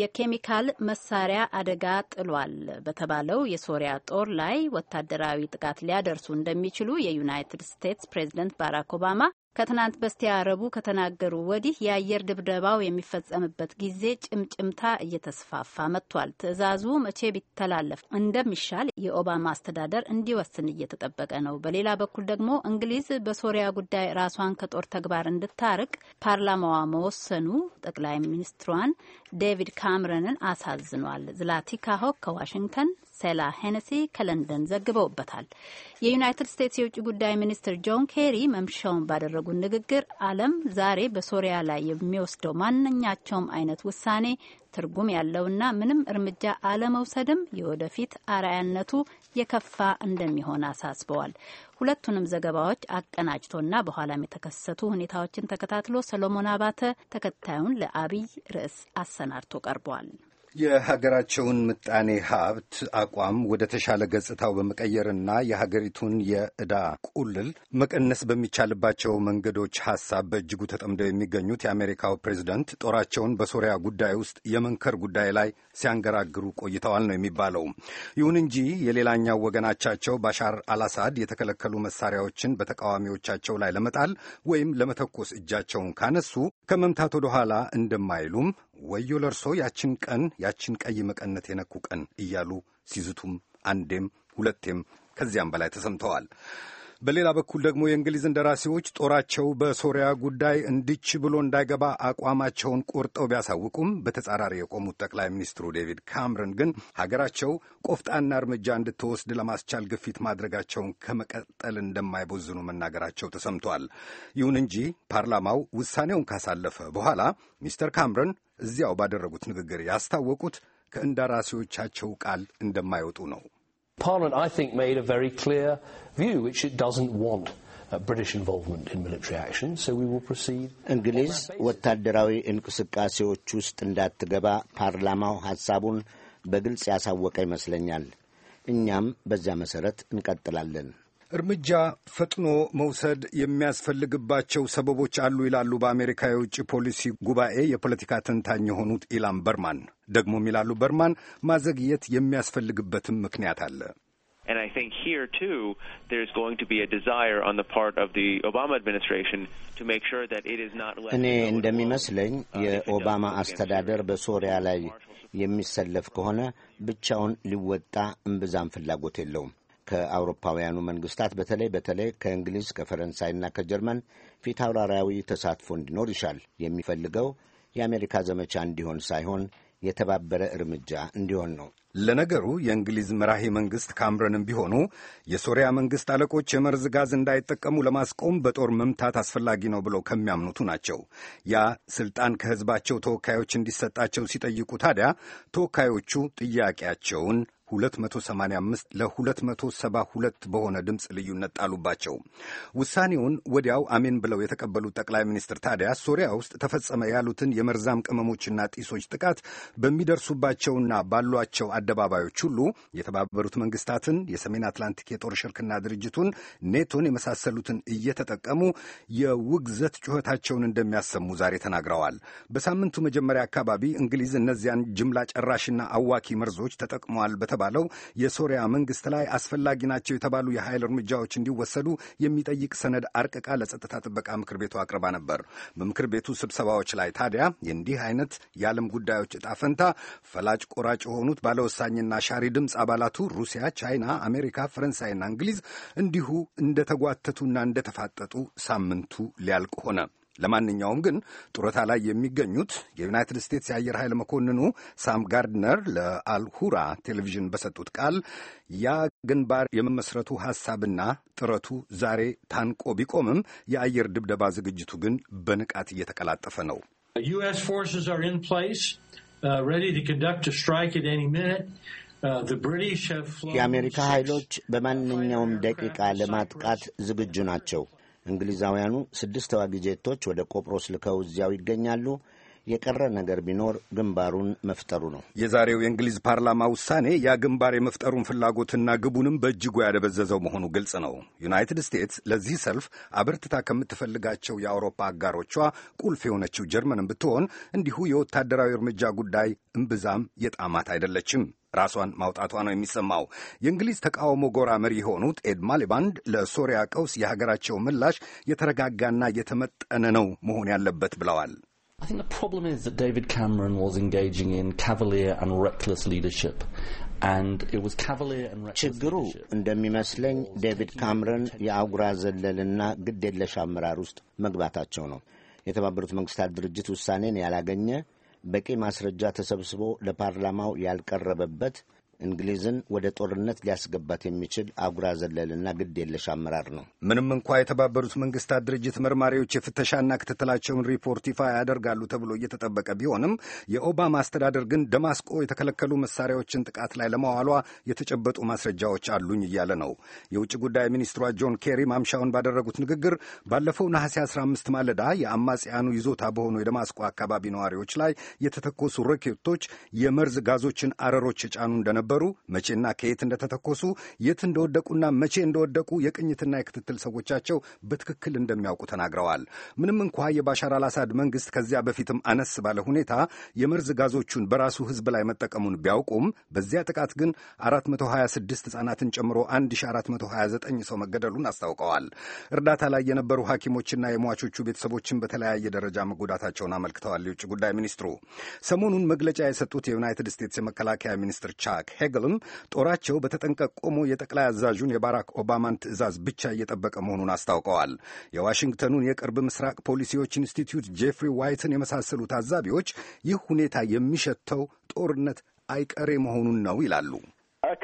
የኬሚካል መሳሪያ አደጋ ጥሏል በተባለው የሶሪያ ጦር ላይ ወታደራዊ ጥቃት ሊያደርሱ እንደሚችሉ የዩናይትድ ስቴትስ ፕሬዝደንት ባራክ ኦባማ ከትናንት በስቲያ ረቡ ከተናገሩ ወዲህ የአየር ድብደባው የሚፈጸምበት ጊዜ ጭምጭምታ እየተስፋፋ መጥቷል። ትዕዛዙ መቼ ቢተላለፍ እንደሚሻል የኦባማ አስተዳደር እንዲወስን እየተጠበቀ ነው። በሌላ በኩል ደግሞ እንግሊዝ በሶሪያ ጉዳይ ራሷን ከጦር ተግባር እንድታርቅ ፓርላማዋ መወሰኑ ጠቅላይ ሚኒስትሯን ዴቪድ ካምረንን አሳዝኗል። ዝላቲካ ሆክ ከዋሽንግተን ሴላ ሄነሲ ከለንደን ዘግበውበታል። የዩናይትድ ስቴትስ የውጭ ጉዳይ ሚኒስትር ጆን ኬሪ መምሻውን ባደረጉት ንግግር ዓለም ዛሬ በሶሪያ ላይ የሚወስደው ማንኛቸውም አይነት ውሳኔ ትርጉም ያለውና ምንም እርምጃ አለመውሰድም የወደፊት አርአያነቱ የከፋ እንደሚሆን አሳስበዋል። ሁለቱንም ዘገባዎች አቀናጭቶና በኋላም የተከሰቱ ሁኔታዎችን ተከታትሎ ሰሎሞን አባተ ተከታዩን ለአብይ ርዕስ አሰናድቶ ቀርቧል። የሀገራቸውን ምጣኔ ሀብት አቋም ወደ ተሻለ ገጽታው በመቀየርና የሀገሪቱን የዕዳ ቁልል መቀነስ በሚቻልባቸው መንገዶች ሀሳብ በእጅጉ ተጠምደው የሚገኙት የአሜሪካው ፕሬዚደንት ጦራቸውን በሶሪያ ጉዳይ ውስጥ የመንከር ጉዳይ ላይ ሲያንገራግሩ ቆይተዋል ነው የሚባለው። ይሁን እንጂ የሌላኛው ወገናቻቸው ባሻር አልአሳድ የተከለከሉ መሳሪያዎችን በተቃዋሚዎቻቸው ላይ ለመጣል ወይም ለመተኮስ እጃቸውን ካነሱ ከመምታት ወደ ኋላ እንደማይሉም ወዮ ለርሶ ያችን ቀን ያችን ቀይ መቀነት የነኩ ቀን እያሉ ሲዝቱም አንዴም ሁለቴም ከዚያም በላይ ተሰምተዋል። በሌላ በኩል ደግሞ የእንግሊዝ ደራሲዎች ጦራቸው በሶሪያ ጉዳይ እንዲች ብሎ እንዳይገባ አቋማቸውን ቆርጠው ቢያሳውቁም በተጻራሪ የቆሙት ጠቅላይ ሚኒስትሩ ዴቪድ ካምረን ግን ሀገራቸው ቆፍጣና እርምጃ እንድትወስድ ለማስቻል ግፊት ማድረጋቸውን ከመቀጠል እንደማይቦዝኑ መናገራቸው ተሰምቷል። ይሁን እንጂ ፓርላማው ውሳኔውን ካሳለፈ በኋላ ሚስተር ካምረን እዚያው ባደረጉት ንግግር ያስታወቁት ከእንደራሴዎቻቸው ቃል እንደማይወጡ ነው። Parliament, I think, made a very clear view, which it doesn't want uh, British involvement in military action, so we will proceed. እርምጃ ፈጥኖ መውሰድ የሚያስፈልግባቸው ሰበቦች አሉ ይላሉ በአሜሪካ የውጭ ፖሊሲ ጉባኤ የፖለቲካ ተንታኝ የሆኑት ኢላም በርማን። ደግሞም ይላሉ በርማን ማዘግየት የሚያስፈልግበትም ምክንያት አለ። እኔ እንደሚመስለኝ uh, የኦባማ አስተዳደር በሶሪያ ላይ የሚሰለፍ ከሆነ ብቻውን ሊወጣ እምብዛም ፍላጎት የለውም። ከአውሮፓውያኑ መንግስታት በተለይ በተለይ ከእንግሊዝ ከፈረንሳይና ከጀርመን ፊት አውራሪያዊ ተሳትፎ እንዲኖር ይሻል። የሚፈልገው የአሜሪካ ዘመቻ እንዲሆን ሳይሆን የተባበረ እርምጃ እንዲሆን ነው። ለነገሩ የእንግሊዝ መራሄ መንግሥት ካምረንም ቢሆኑ የሶሪያ መንግሥት አለቆች የመርዝ ጋዝ እንዳይጠቀሙ ለማስቆም በጦር መምታት አስፈላጊ ነው ብለው ከሚያምኑቱ ናቸው። ያ ስልጣን ከሕዝባቸው ተወካዮች እንዲሰጣቸው ሲጠይቁ ታዲያ ተወካዮቹ ጥያቄያቸውን 285 ለ272 በሆነ ድምፅ ልዩነት ጣሉባቸው። ውሳኔውን ወዲያው አሜን ብለው የተቀበሉት ጠቅላይ ሚኒስትር ታዲያ ሶሪያ ውስጥ ተፈጸመ ያሉትን የመርዛም ቅመሞችና ጢሶች ጥቃት በሚደርሱባቸውና ባሏቸው አደባባዮች ሁሉ የተባበሩት መንግስታትን፣ የሰሜን አትላንቲክ የጦር ሽርክና ድርጅቱን፣ ኔቶን የመሳሰሉትን እየተጠቀሙ የውግዘት ጩኸታቸውን እንደሚያሰሙ ዛሬ ተናግረዋል። በሳምንቱ መጀመሪያ አካባቢ እንግሊዝ እነዚያን ጅምላ ጨራሽና አዋኪ መርዞች ተጠቅመዋል በተባለው የሶሪያ መንግስት ላይ አስፈላጊ ናቸው የተባሉ የኃይል እርምጃዎች እንዲወሰዱ የሚጠይቅ ሰነድ አርቅቃ ለጸጥታ ጥበቃ ምክር ቤቱ አቅርባ ነበር። በምክር ቤቱ ስብሰባዎች ላይ ታዲያ የእንዲህ አይነት የዓለም ጉዳዮች እጣ ፈንታ ፈላጭ ቆራጭ የሆኑት ባለወሳኝና ሻሪ ድምፅ አባላቱ ሩሲያ፣ ቻይና፣ አሜሪካ፣ ፈረንሳይና እንግሊዝ እንዲሁ እንደተጓተቱና እንደተፋጠጡ ሳምንቱ ሊያልቅ ሆነ። ለማንኛውም ግን ጡረታ ላይ የሚገኙት የዩናይትድ ስቴትስ የአየር ኃይል መኮንኑ ሳም ጋርድነር ለአልሁራ ቴሌቪዥን በሰጡት ቃል ያ ግንባር የመመስረቱ ሐሳብና ጥረቱ ዛሬ ታንቆ ቢቆምም የአየር ድብደባ ዝግጅቱ ግን በንቃት እየተቀላጠፈ ነው። U.S. Uh, uh, forces የአሜሪካ ኃይሎች በማንኛውም ደቂቃ ለማጥቃት ዝግጁ ናቸው። እንግሊዛውያኑ ስድስት ተዋጊ ጄቶች ወደ ቆጵሮስ ልከው እዚያው ይገኛሉ። የቀረ ነገር ቢኖር ግንባሩን መፍጠሩ ነው። የዛሬው የእንግሊዝ ፓርላማ ውሳኔ ያ ግንባር የመፍጠሩን ፍላጎትና ግቡንም በእጅጉ ያደበዘዘው መሆኑ ግልጽ ነው። ዩናይትድ ስቴትስ ለዚህ ሰልፍ አበርትታ ከምትፈልጋቸው የአውሮፓ አጋሮቿ ቁልፍ የሆነችው ጀርመንን ብትሆን እንዲሁ የወታደራዊ እርምጃ ጉዳይ እምብዛም የጣማት አይደለችም። ራሷን ማውጣቷ ነው የሚሰማው። የእንግሊዝ ተቃውሞ ጎራ መሪ የሆኑት ኤድ ማሊባንድ ለሶሪያ ቀውስ የሀገራቸው ምላሽ የተረጋጋና የተመጠነ ነው መሆን ያለበት ብለዋል። I think the problem is that David Cameron was engaging in cavalier and reckless leadership. ችግሩ እንደሚመስለኝ ዴቪድ ካምረን የአጉራ ዘለልና ግድ የለሽ አመራር ውስጥ መግባታቸው ነው። የተባበሩት መንግስታት ድርጅት ውሳኔን ያላገኘ በቂ ማስረጃ ተሰብስቦ ለፓርላማው ያልቀረበበት እንግሊዝን ወደ ጦርነት ሊያስገባት የሚችል አጉራ ዘለልና ግድ የለሽ አመራር ነው። ምንም እንኳ የተባበሩት መንግስታት ድርጅት መርማሪዎች የፍተሻና ክትትላቸውን ሪፖርት ይፋ ያደርጋሉ ተብሎ እየተጠበቀ ቢሆንም የኦባማ አስተዳደር ግን ደማስቆ የተከለከሉ መሳሪያዎችን ጥቃት ላይ ለማዋሏ የተጨበጡ ማስረጃዎች አሉኝ እያለ ነው። የውጭ ጉዳይ ሚኒስትሯ ጆን ኬሪ ማምሻውን ባደረጉት ንግግር ባለፈው ነሐሴ 15 ማለዳ የአማጽያኑ ይዞታ በሆኑ የደማስቆ አካባቢ ነዋሪዎች ላይ የተተኮሱ ሮኬቶች የመርዝ ጋዞችን አረሮች የጫኑ እንደነበ እንደነበሩ፣ መቼና ከየት እንደተተኮሱ፣ የት እንደወደቁና መቼ እንደወደቁ የቅኝትና የክትትል ሰዎቻቸው በትክክል እንደሚያውቁ ተናግረዋል። ምንም እንኳ የባሻር አልአሳድ መንግስት ከዚያ በፊትም አነስ ባለ ሁኔታ የመርዝ ጋዞቹን በራሱ ህዝብ ላይ መጠቀሙን ቢያውቁም በዚያ ጥቃት ግን 426 ህጻናትን ጨምሮ 1429 ሰው መገደሉን አስታውቀዋል። እርዳታ ላይ የነበሩ ሐኪሞችና የሟቾቹ ቤተሰቦችን በተለያየ ደረጃ መጎዳታቸውን አመልክተዋል። የውጭ ጉዳይ ሚኒስትሩ ሰሞኑን መግለጫ የሰጡት የዩናይትድ ስቴትስ የመከላከያ ሚኒስትር ቻክ ሄግልም ጦራቸው በተጠንቀቅ ቆሞ የጠቅላይ አዛዡን የባራክ ኦባማን ትዕዛዝ ብቻ እየጠበቀ መሆኑን አስታውቀዋል። የዋሽንግተኑን የቅርብ ምስራቅ ፖሊሲዎች ኢንስቲትዩት ጄፍሪ ዋይትን የመሳሰሉ ታዛቢዎች ይህ ሁኔታ የሚሸተው ጦርነት አይቀሬ መሆኑን ነው ይላሉ። uh,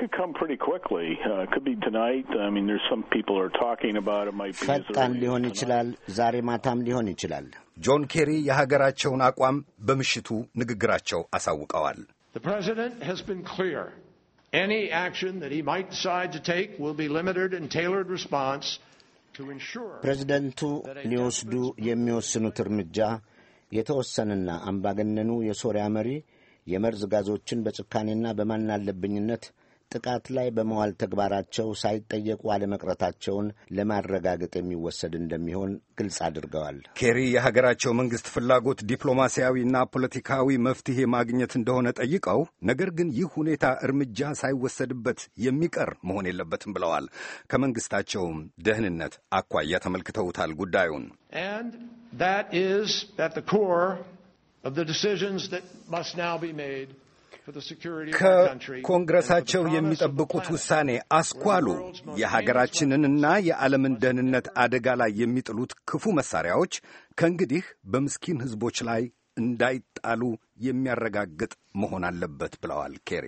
ፈጣን ሊሆን ይችላል፣ ዛሬ ማታም ሊሆን ይችላል። ጆን ኬሪ የሀገራቸውን አቋም በምሽቱ ንግግራቸው አሳውቀዋል። Any action that he might decide to take will be limited and tailored response to ensure ፕሬዝደንቱ ሊወስዱ የሚወስኑት እርምጃ የተወሰነና አምባገነኑ የሶሪያ መሪ የመርዝ ጋዞችን በጭካኔና በማናለብኝነት ጥቃት ላይ በመዋል ተግባራቸው ሳይጠየቁ አለመቅረታቸውን ለማረጋገጥ የሚወሰድ እንደሚሆን ግልጽ አድርገዋል። ኬሪ የሀገራቸው መንግሥት ፍላጎት ዲፕሎማሲያዊና ፖለቲካዊ መፍትሄ ማግኘት እንደሆነ ጠይቀው፣ ነገር ግን ይህ ሁኔታ እርምጃ ሳይወሰድበት የሚቀር መሆን የለበትም ብለዋል። ከመንግሥታቸውም ደህንነት አኳያ ተመልክተውታል ጉዳዩን that is at the core of the decisions that must now be made ከኮንግረሳቸው የሚጠብቁት ውሳኔ አስኳሉ የሀገራችንንና የዓለምን ደህንነት አደጋ ላይ የሚጥሉት ክፉ መሳሪያዎች ከእንግዲህ በምስኪን ሕዝቦች ላይ እንዳይጣሉ የሚያረጋግጥ መሆን አለበት ብለዋል ኬሪ።